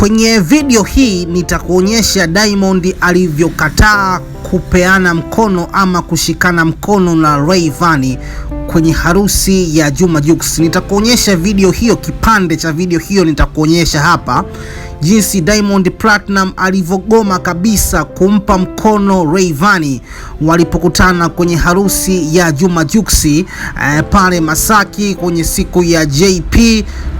Kwenye video hii nitakuonyesha Diamond alivyokataa kupeana mkono ama kushikana mkono na Rayvanny kwenye harusi ya Juma Jux. Nitakuonyesha video hiyo, kipande cha video hiyo nitakuonyesha hapa jinsi Diamond Platinum alivyogoma kabisa kumpa mkono Rayvanny walipokutana kwenye harusi ya Juma Jux eh, pale Masaki kwenye siku ya JP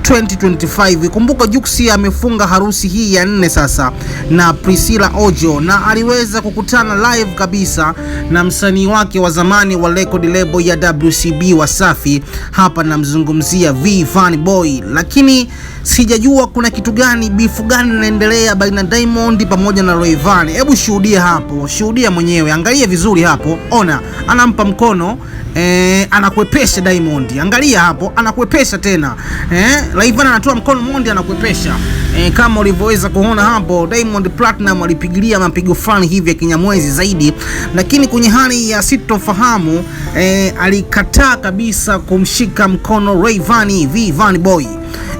2025. Kumbuka Jux amefunga harusi hii ya nne sasa na Priscilla Ojo na aliweza kukutana live kabisa na msanii wake wa zamani wa record label ya WCB Wasafi, hapa namzungumzia van Boy, lakini Sijajua kuna kitu gani, bifu gani inaendelea baina Diamond pamoja na Rayvanny. Hebu shuhudia hapo, shuhudia mwenyewe, angalia vizuri hapo. Ona, anampa mkono eh, anakwepesha Diamond. Angalia hapo, anakwepesha tena eh, Rayvanny anatoa mkono Mondi anakwepesha eh, kama ulivyoweza kuona hapo. Diamond Platinum alipigilia mapigo fulani hivi ya kinyamwezi zaidi, lakini kwenye hali ya sitofahamu eh, alikataa kabisa kumshika mkono Rayvanny, Vanny Boy.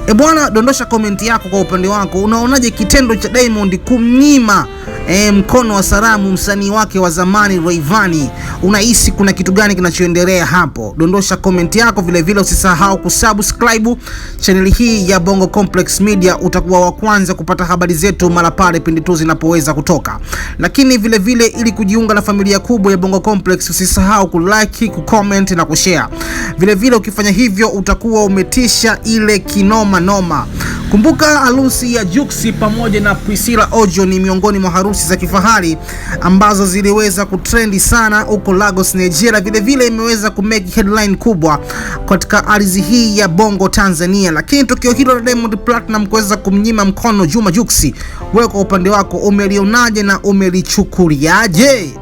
E bwana, dondosha komenti yako kwa upande wako, unaonaje kitendo cha Diamond kumnyima e, mkono wa salamu msanii wake wa zamani Rayvanny. Unahisi kuna kitu gani kinachoendelea hapo? Dondosha komenti yako, vilevile usisahau kusubscribe chaneli hii ya Bongo Complex Media, utakuwa wa kwanza kupata habari zetu mara pale pindi tu zinapoweza kutoka. Lakini vilevile ili kujiunga na familia kubwa ya Bongo Complex, usisahau kulike, kucomment na kushare. Vilevile ukifanya hivyo utakuwa umetisha ile kinoma noma. Kumbuka harusi ya juksi pamoja na Priscilla Ojo ni miongoni mwa harusi za kifahari ambazo ziliweza kutrendi sana huko Lagos, Nigeria. Vile vile imeweza kumake headline kubwa katika ardhi hii ya Bongo Tanzania, lakini tukio hilo la Diamond Platinum kuweza kumnyima mkono Juma juksi wewe kwa upande wako umelionaje na umelichukuliaje?